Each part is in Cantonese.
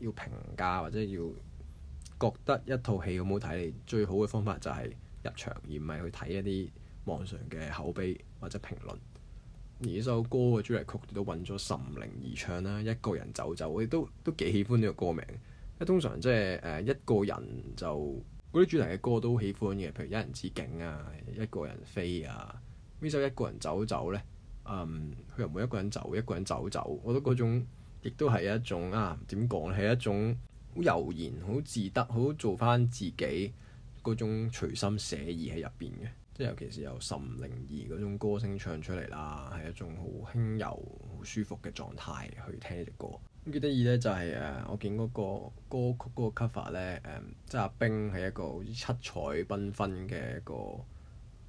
要評價或者要覺得一套戲有冇睇，你最好嘅方法就係入場，而唔係去睇一啲網上嘅口碑或者評論。而呢首歌嘅主題曲都揾咗岑寧兒唱啦，一個人走走，我亦都都幾喜歡呢個歌名。通常即係呃，一個人就嗰啲主題嘅歌都喜歡嘅，譬如一人之境啊，一個人飛啊，呢首一個人走走呢，嗯，佢又唔會一個人走，一個人走走，我覺得嗰種。亦都係一種啊，點講咧？係一種好悠然、好自得、好做翻自己嗰種隨心寫意喺入邊嘅。即係尤其是有岑寧兒嗰種歌聲唱出嚟啦，係一種好輕柔、好舒服嘅狀態去聽呢隻歌。咁幾得意呢，就係誒我見嗰個歌曲嗰個 cover 呢，誒、嗯、即係阿冰係一個好似七彩繽紛嘅一個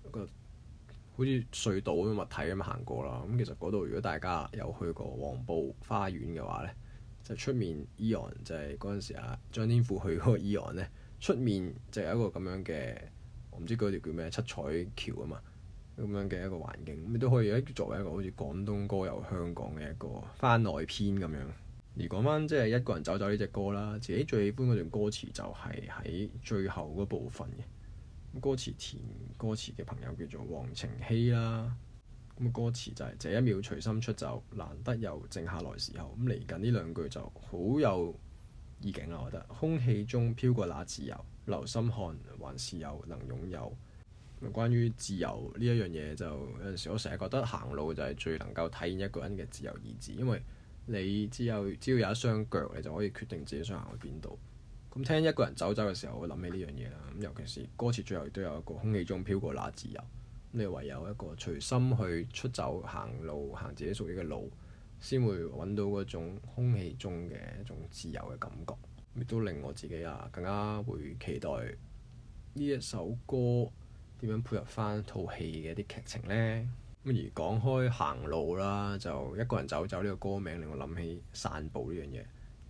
一個。好似隧道咁物體咁行過啦，咁其實嗰度如果大家有去過黃埔花園嘅話咧，就出面依岸就係嗰陣時啊張天賦去嗰個依岸咧，出面就有一個咁樣嘅，我唔知嗰條叫咩七彩橋啊嘛，咁樣嘅一個環境，咁你都可以作為一個好似廣東歌由香港嘅一個番外篇咁樣。而講返即係一個人走走呢隻歌啦，自己最喜歡嗰段歌詞就係喺最後嗰部分嘅。歌詞填歌詞嘅朋友叫做王澄晞啦。咁歌詞就係、是、這一秒隨心出走，難得有靜下來時候。咁嚟緊呢兩句就好有意境啦、啊，我覺得。空氣中飄過那自由，留心看還是有能擁有。咁啊關於自由呢一樣嘢，就有陣時我成日覺得行路就係最能夠體現一個人嘅自由意志，因為你只有只要有一雙腳，你就可以決定自己想行去邊度。咁聽一個人走走嘅時候，我諗起呢樣嘢啦。咁尤其是歌詞最後亦都有一個空氣中飄過那自由，你唯有一個隨心去出走、行路、行自己屬於嘅路，先會揾到嗰種空氣中嘅一種自由嘅感覺。亦都令我自己啊更加會期待呢一首歌點樣配合返套戲嘅啲劇情呢？咁而講開行路啦，就一個人走走呢個歌名令我諗起散步呢樣嘢。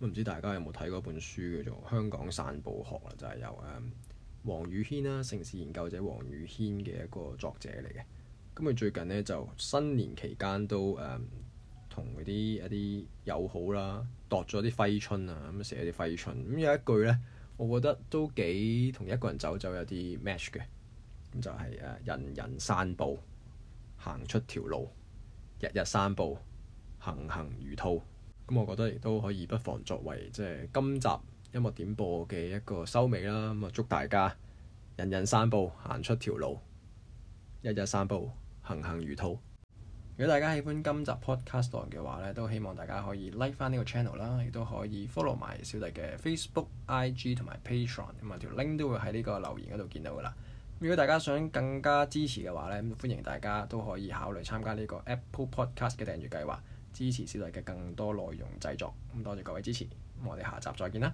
唔知大家有冇睇過本書叫做《香港散步學》啦，就係、是、由誒黃宇軒啦，城市研究者黃宇軒嘅一個作者嚟嘅。咁佢最近咧就新年期間都誒、嗯、同嗰啲一啲友好啦，度咗啲揮春啊，咁寫啲揮春。咁有一句咧，我覺得都幾同一個人走走有啲 match 嘅，咁就係誒人人散步行出條路，日日散步行行如兔。咁我覺得亦都可以不妨作為即係今集音樂點播嘅一個收尾啦。咁啊，祝大家人人散步，行出條路，一日散步，行行如兔。如果大家喜歡今集 podcast 嘅話咧，都希望大家可以 like 翻呢個 channel 啦，亦都可以 follow 埋小弟嘅 Facebook、IG 同埋 Patreon，咁啊條 link 都會喺呢個留言嗰度見到噶啦。如果大家想更加支持嘅話咧，歡迎大家都可以考慮參加呢個 Apple Podcast 嘅訂閱計劃。支持小弟嘅更多內容製作，咁多謝各位支持，我哋下集再見啦。